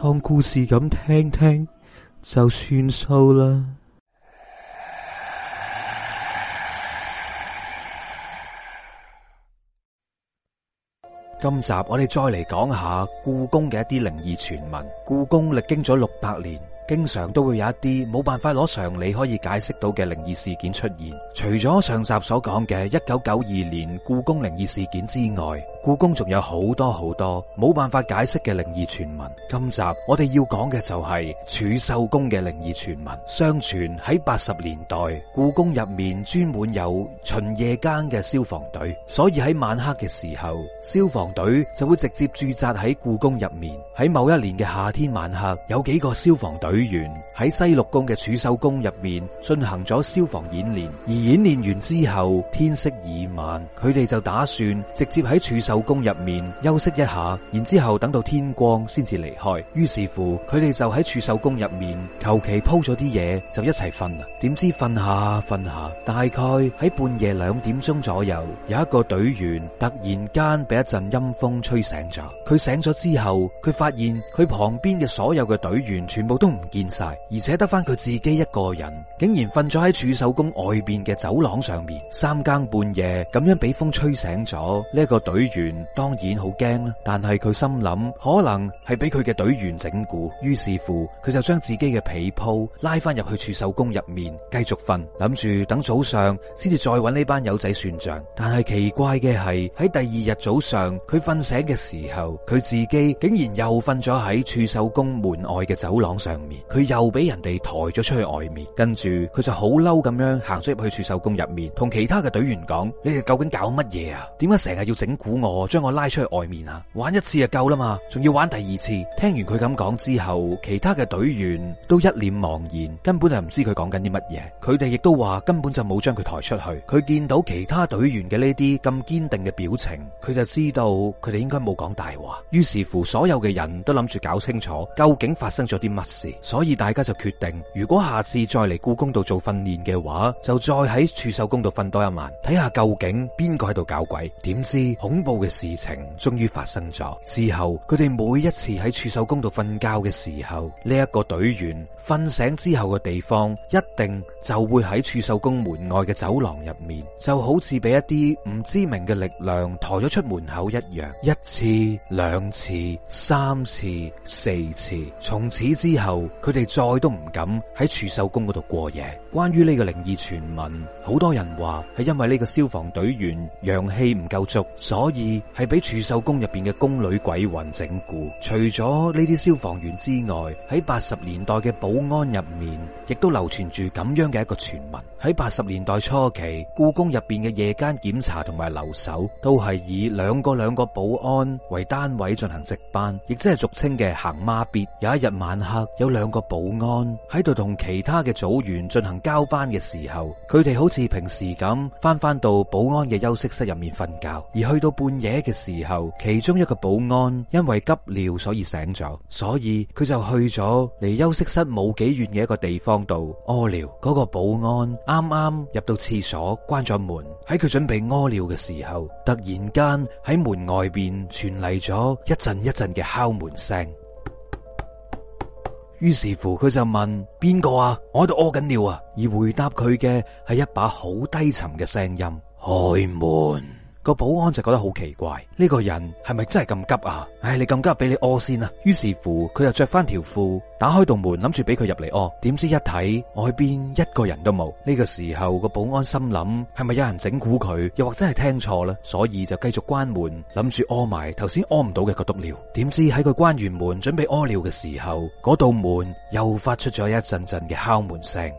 當故事咁聽聽就算數啦。今集我哋再嚟講下故宮嘅一啲靈異傳聞。故宮歷經咗六百年。經常都會有一啲冇辦法攞常理可以解釋到嘅靈異事件出現。除咗上集所講嘅一九九二年故宮靈異事件之外，故宮仲有好多好多冇辦法解釋嘅靈異傳聞。今集我哋要講嘅就係儲秀宮嘅靈異傳聞。相傳喺八十年代，故宮入面專門有巡夜間嘅消防隊，所以喺晚黑嘅時候，消防隊就會直接駐紮喺故宮入面。喺某一年嘅夏天晚黑，有幾個消防隊。隊員喺西六宮嘅儲秀宮入面進行咗消防演練，而演練完之後天色已晚，佢哋就打算直接喺儲秀宮入面休息一下，然之後等到天光先至離開。於是乎，佢哋就喺儲秀宮入面求其鋪咗啲嘢就一齊瞓啦。點知瞓下瞓下，大概喺半夜兩點鐘左右，有一個隊員突然間俾一陣陰風吹醒咗。佢醒咗之後，佢發現佢旁邊嘅所有嘅隊員全部都唔見晒，而且得翻佢自己一個人，竟然瞓咗喺儲秀宮外邊嘅走廊上面。三更半夜咁樣俾風吹醒咗呢個隊員，當然好驚啦。但係佢心諗，可能係俾佢嘅隊員整蠱，於是乎佢就將自己嘅被鋪拉翻入去儲秀宮入面繼續瞓，諗住等早上先至再搵呢班友仔算賬。但係奇怪嘅係喺第二日早上，佢瞓醒嘅時候，佢自己竟然又瞓咗喺儲秀宮門外嘅走廊上面。佢又俾人哋抬咗出去外面，跟住佢就好嬲咁樣行咗入去儲秀宮入面，同其他嘅隊員講：你哋究竟搞乜嘢啊？點解成日要整蠱我，將我拉出去外面啊？玩一次就夠啦嘛，仲要玩第二次？聽完佢咁講之後，其他嘅隊員都一臉茫然，根本就唔知佢講緊啲乜嘢。佢哋亦都話根本就冇將佢抬出去。佢見到其他隊員嘅呢啲咁堅定嘅表情，佢就知道佢哋應該冇講大話。於是乎，所有嘅人都諗住搞清楚究竟發生咗啲乜事。所以大家就決定，如果下次再嚟故宮度做訓練嘅話，就再喺儲秀宮度瞓多一晚，睇下究竟邊個喺度搞鬼。點知恐怖嘅事情終於發生咗。之後佢哋每一次喺儲秀宮度瞓覺嘅時候，呢、這、一個隊員瞓醒之後嘅地方一定。就會喺儲秀宮門外嘅走廊入面，就好似俾一啲唔知名嘅力量抬咗出門口一樣。一次、兩次、三次、四次，從此之後佢哋再都唔敢喺儲秀宮嗰度過夜。關於呢個靈異傳聞，好多人話係因為呢個消防隊員陽氣唔夠足，所以係俾儲秀宮入邊嘅宮女鬼魂整蠱。除咗呢啲消防員之外，喺八十年代嘅保安入面，亦都流傳住咁樣嘅一個傳聞。喺八十年代初期，故宮入邊嘅夜間檢查同埋留守都係以兩個兩個保安為單位進行值班，亦即係俗稱嘅行孖咇。有一日晚黑，有兩個保安喺度同其他嘅組員進行交班嘅時候，佢哋好似平時咁翻翻到保安嘅休息室入面瞓覺。而去到半夜嘅時候，其中一個保安因為急尿所以醒咗，所以佢就去咗離休息室冇幾遠嘅一個地方度屙尿。個保安啱啱入到廁所，關咗門，喺佢準備屙尿嘅時候，突然間喺門外邊傳嚟咗一陣一陣嘅敲門聲。於 是乎，佢就問：邊個啊？我喺度屙緊尿啊！而回答佢嘅係一把好低沉嘅聲音：開門。個保安就覺得好奇怪，呢個人係咪真係咁急啊？唉，你咁急，俾你屙先啦。於是乎，佢又着翻條褲，打開道門，諗住俾佢入嚟屙。點知一睇外邊一個人都冇。呢個時候，個保安心諗係咪有人整蠱佢，又或者係聽錯啦？所以就繼續關門，諗住屙埋頭先屙唔到嘅個毒尿。點知喺佢關完門，準備屙尿嘅時候，嗰道門又發出咗一陣陣嘅敲門聲。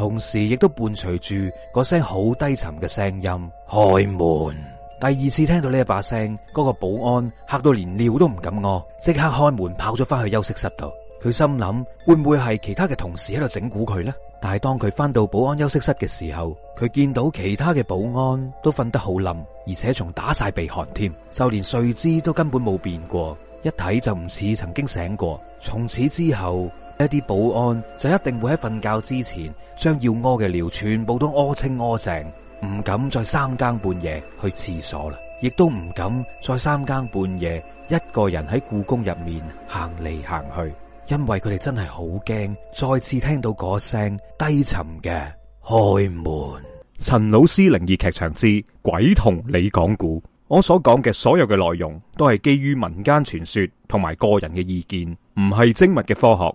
同時亦都伴隨住嗰聲好低沉嘅聲音，開門。第二次聽到呢一把聲，嗰個保安吓到連尿都唔敢屙，即刻開門跑咗翻去休息室度。佢心諗會唔會係其他嘅同事喺度整蠱佢呢？但係當佢翻到保安休息室嘅時候，佢見到其他嘅保安都瞓得好冧，而且仲打晒鼻鼾添，就連睡姿都根本冇變過，一睇就唔似曾經醒過。從此之後。一啲保安就一定會喺瞓覺之前，將要屙嘅尿全部都屙清屙淨，唔敢再三更半夜去厠所啦，亦都唔敢再三更半夜一個人喺故宮入面行嚟行去，因為佢哋真係好驚，再次聽到嗰聲低沉嘅開門。陳老師靈異劇場之鬼同你講古，我所講嘅所有嘅內容都係基於民間傳說同埋個人嘅意見，唔係精密嘅科學。